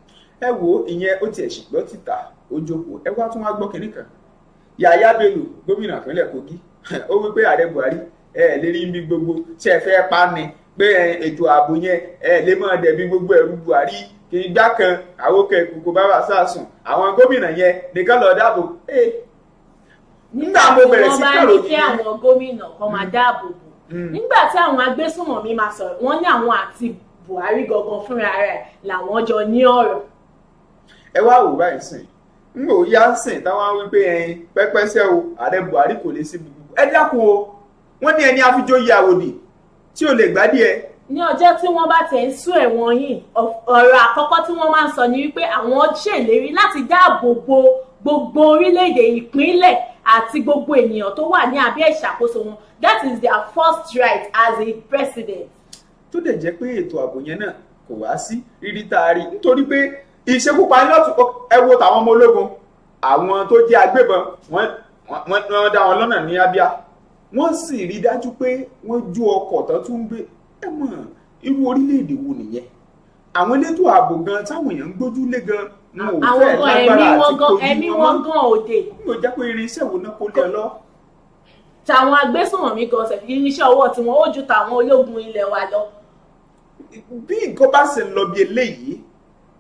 ẹ wo ìyẹn ó tiẹ̀ ṣùgbọ́n títà ó jókòó ẹ wá tún wá gbọ́ kínní kan Yàyà Bello gómìnà ìpínlẹ̀ Kogi (laughs) ó wí pé ààrẹ Buhari ẹ ẹ lè rí ibi gbogbo ṣe ẹ fẹ́ pa ni pé ètò ààbò yẹn ẹ lè mọ̀ dẹ̀bi gbogbo ẹ̀rú Buhari kì í gbá kan àwòkọ ìkòkò bàbá sàásùn àwọn gómìnà yẹn nìkan lọ dáàbò nígbà mo bẹ̀rẹ̀ sí kàrò yìí. nígbà tí wọ́n bá ní kí àwọn gómìnà kan máa hmm. dáàbò bò hmm. nígbà tí àwọn agbésùnmọ̀mí máa sọ̀rọ̀ wọ́n ní àwọn àti Buhari gangan fúnra rẹ̀ làwọn jọ ní ọ̀rọ̀. ẹ wá wò báyìí sìn n ò yá sìn táwọn wípé ẹyin pẹ́pẹ́sẹ́ o ààrẹ Buhari kò lè sí gbogbo ẹ dákun o wọ́n ní ẹni àfijọ́yè àwòdì tí ò lè gbádìẹ ní ọjọ́ tí wọ́n bá tẹ̀ ń sún ẹ̀wọ̀n yìí ọ̀rọ̀ àkọ́kọ́ tí wọ́n máa ń sọ ni wípé àwọn ṣèlérí láti dáàbò bo gbogbo orílẹ̀-èdè ìpínlẹ̀ àti gbogbo ènìyàn tó wà ní abẹ́ ìṣàkóso wọn that is their first right as a president. tó dẹ̀ jẹ́ pé ètò ààbò yẹn náà kò wá sí rírí tá a rí nítorí pé ìṣekúpa ní ọ̀tún ẹ wo tàwọn ọmọ ológun àwọn tó jẹ́ agbébọn wọ́n dá wọn lọ́nà ní Abia wọ́n sì rí dájú pé wọ́n ju ọkọ̀ tó tún ń gbé ẹ mọ̀ irú orílẹ̀-èdè wo nìyẹn àwọn elétò ààbò gan táwọn èèyàn ń gbójú lé gan n ò fẹ́ lágbára àti kojú wọn ẹ̀mí wọn gan òde n ò jẹ́ pé irinṣẹ́ wo náà kó lé ọ lọ. tàwọn agbésùnmọ̀mí gan ṣe fi irinṣẹ́ ọwọ́ tiwọn ó ju tàwọn ológun ilẹ̀ wa lọ. bí nǹkan bá ṣe ń lọ bí eléyìí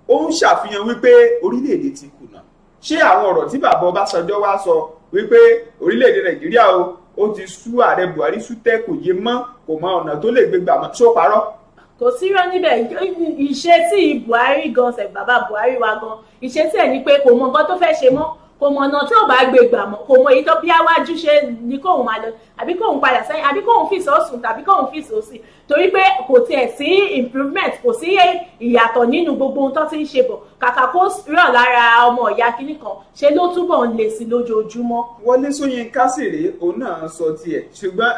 ó ń ṣàfihàn wípé orílẹ̀-èdè ti kùnà ṣé àwọn ọ̀rọ̀ tí bàbá Ọbásanjọ́ wá sọ wípé orílẹ̀-èdè Nàìjíríà o ó ti sú ààrẹ Buhari sútẹ́ kò yé mọ́ kò mọ ọ̀nà tó lè gbégbà mọ́ tó parọ́ kò síra níbẹ̀ ìṣesí Buhari gan ṣe bàbá Buhari wa gan ìṣesí ẹ̀ ni pé kò mọ nǹkan tó fẹ́ ṣe mọ́ kò mọ̀ ọ̀nà tí ò bá gbé gbà mọ́ kò mọ̀ èyí tó bí awájú ṣe ni kóun máa lọ àbí kóun padà sẹ́yìn àbí kóun fìsì ọ̀sùn tàbí kóun fìsì òsì torí pé kò tiẹ̀ sí improvement kò sí ìyàtọ̀ nínú gbogbo ohun tó ti ń ṣe bọ̀ kàkà kó ràn lára ọmọ ìyá kínní kan ṣe ló túbọ̀ ń le sí lójoojúmọ́. Wọlé Ṣóyínká sì rèé òun náà sọ tiẹ̀ ṣùgbọ́n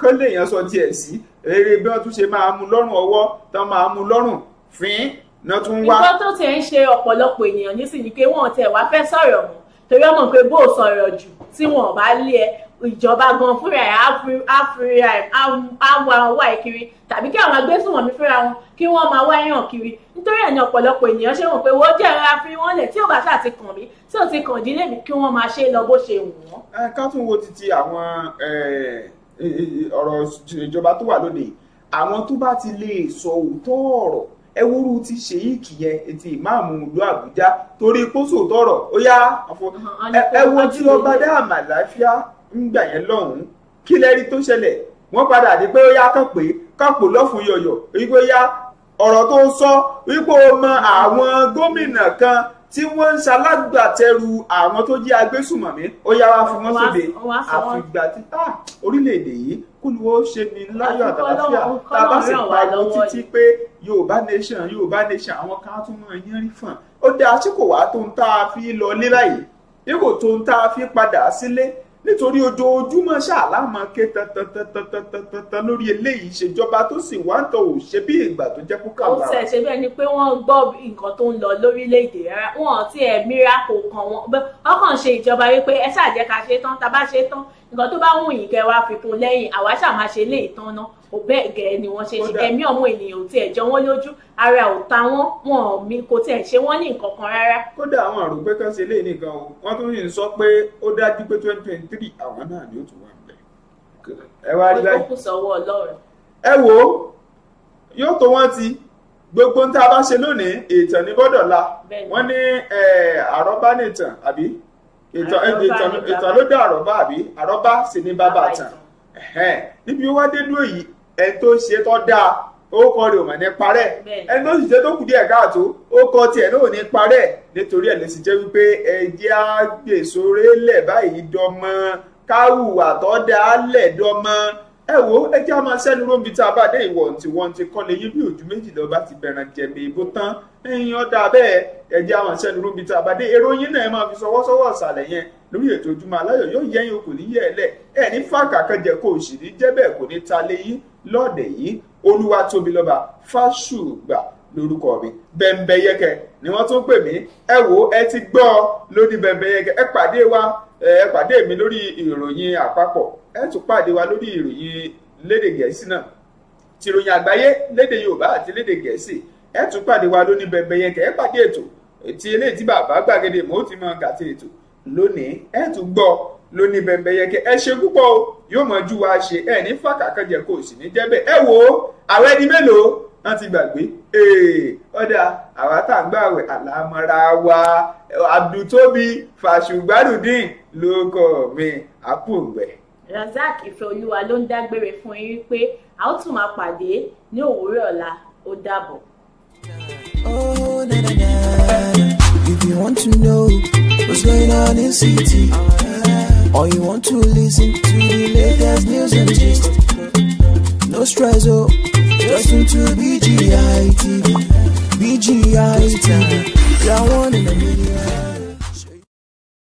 kán lèèyàn sọ tiẹ̀ sí rere bí wọ́n tún ṣe máa mú lọ́rùn ọwọ́ tán máa mú lọ́rùn fín torí ọmọ pé bó sọ̀rọ̀ jù tí wọ́n bá lé ẹ ìjọba gan fúnra ẹ̀ áfúnra ẹ̀ áwọ̀ wá ẹ̀ kiri tàbí kí àwọn agbésùnmọ̀mí fúnra wọn kí wọ́n máa wá ẹ̀yàn kiri nítorí ẹ̀ ní ọ̀pọ̀lọpọ̀ ènìyàn ṣe wọ́n pé wọ́n jẹ́ ẹ̀rọ afin wọn lẹ̀ tí ò bá ṣáà ti kàn mí tí ò ti kàn dílé mi kí wọ́n máa ṣe lọ bó ṣe wù wọ́n. ẹ ká tún wo títí àwọn ọ̀rọ̀ ìjọba tó wà lónìí àwọn tó bá ti lè sọ òótọ́ ọ̀rọ̀ ẹwúrú ti ṣèyíkì yẹn etí ìmáàmù ìlú àbújá torí pósò tọrọ ó yá ẹwọ tí ọba dá àmà láfíà ń gbà yẹn lọ́hùn kí lẹ́rí tó ṣẹlẹ̀ wọ́n padà dé pé ó yá kàn pé kápò lọ́fun yọ̀yọ̀ wípé ó yá ọ̀rọ̀ tó sọ wípé o mọ àwọn gómìnà kan tí wọ́n ń ṣalágbàtẹrù àwọn tó jẹ́ agbésùmọ̀mí ó yá wá fún wọn sóde àfìgbà tí ah, orílẹ̀-èdè yìí kúlùwó ṣe ní láyọ̀ àtàlàfíà tá a bá sì pariwo títí pé yorùbá nation yorùbá nation àwọn kan tún mọ ẹyìn rí fún un ó dé àsìkò wá tó ń tá a fi lọ lé báyìí ipò tó ń tá a fi padà sílé nítorí ojoojúmọ́ ṣàlámà ké tantantantantantantan lórí eléyìí ìṣèjọba tó sì wá ń tọ ò ṣe bí ìgbà tó jẹ́ kúkà wà. ó ṣe ṣe bẹ́ẹ̀ ni pé wọ́n gbọ́ nǹkan tó ń lọ lórílẹ̀‐èdè rárá wọn ò tiẹ̀ mìíràn kò kàn wọ́n ọkàn ṣe ìjọba wípé ẹ ṣáà ṣe tán tá a bá ṣe tán nǹkan tó bá wù yín kẹ wá fi kún lẹ́yìn àwa ṣáà máa ṣe lé ìtàn náà ò bẹ́ẹ̀ gẹ́ ni wọ́n ṣe ṣe ẹ̀mí ọmọ ènìyàn ò tiẹ̀ jọ wọ́n lójú ara ò ta wọ́n wọn mi kò tiẹ̀ ṣe wọ́n ní nǹkan kan rárá. kódà àwọn àròpé kan ṣe lé nìkan o wọ́n tún yìí sọ pé ó dájú pé twenty twenty three àwọn náà ni ó tún wà níbẹ̀. ẹ wá rí láì ẹ wo yóò tó wọ́n gbogbo ń tá a bá ṣe lónìí ìtàn ní bọ́dọ̀ la wọ́n ní àrọ́bá nìtàn àbí Eh, ìtàn ló dá àrọ́bá àbí àrọ́bá sì ní bàbá àtàn níbi wá dé dúró yìí ẹ tó ṣe tó dáa orúkọ rẹ̀ ò mà ní parẹ́ ẹni tó sì jẹ́ tó kù díẹ̀ káàtó orúkọ tiẹ̀ náà ò ní parẹ́ nítorí ẹ̀ ló sì jẹ́ wípé ẹjẹ́ àgbèsórélẹ̀ báyìí dọmọ káwùwà tó dáa dọmọ ẹ wo ẹjẹ́ a máa sẹ́nu rómi tá a bá dé ìwọ̀ntìwọ̀ntì kọ́lé yín bí òjú méjìlá ọba ti bẹ̀rẹ̀ jẹ̀mí ìbò tán ẹ̀yin ọ̀dà bẹ́ẹ̀ ẹ̀jẹ̀ àwọn ìṣẹ́ nínú ibi tá a bá dé ìròyìn náà ẹ máa fi sọwọ́sọwọ́ ọ̀sàlẹ̀ yẹn lórí ètò ojúmọ́ aláyọ̀ yóò yẹ́yìn okò ní yẹ̀ẹ́lẹ̀ ẹ̀ ní fàkà kan jẹ́ kó o sì ní jẹ́ bẹ́ẹ̀ kò ní ta lé yín lọ́ọ̀dẹ̀ yìí olúwa tóbi lọ́ba fáṣùgbà lórúkọ mi bẹ̀m̀bẹ̀yẹkẹ ni wọ́n tún pè mí ẹ wo ẹ ti gbọ́ lórí bẹ̀m̀bẹ̀yẹkẹ ẹ pàdé wa ẹ pàdé mi lórí ìròyìn àpapọ̀ ẹ tún pàdé wa lórí ìròyìn lédè gẹ̀ẹ́sì náà tìròyìn àgbáyé lédè yorùbá àti lédè gẹ̀ẹ́sì ẹ tún pàdé wa lóní bẹ̀bẹ̀ yẹn kẹ́ ẹ pàdé ètò tí eléyìí tí bàbá gbàgede mò ń ti mọ gàtí ètò lónìí ẹ tún gbọ́ lóní bẹ̀bẹ̀ yẹn kẹ́ ẹ ṣe púpọ̀ o yóò mọ ju wa ṣe ẹ ní fàkàkàn jẹ kó o sì ní jẹ́ bẹ́ẹ̀ ẹ wò ó àwẹ̀ mélòó wọ́n ti gbàgbé ọ̀dà àwa tá à ń gbàwẹ̀ àlámọ́ra wa abdultobi fàṣùgbàrúdín ló mi àpòǹgbẹ. razak ìfẹ́olúwa ló ń dágbére fún yín pé a ó tún máa pàdé ní òwúrọ̀ ọ̀la ó dàbọ̀. Oh, na na na. If you want to know what's going on in city, or you want to listen to the latest news and gist, no stress, oh, just tune to BGI TV. BGI TV, you're one in a million.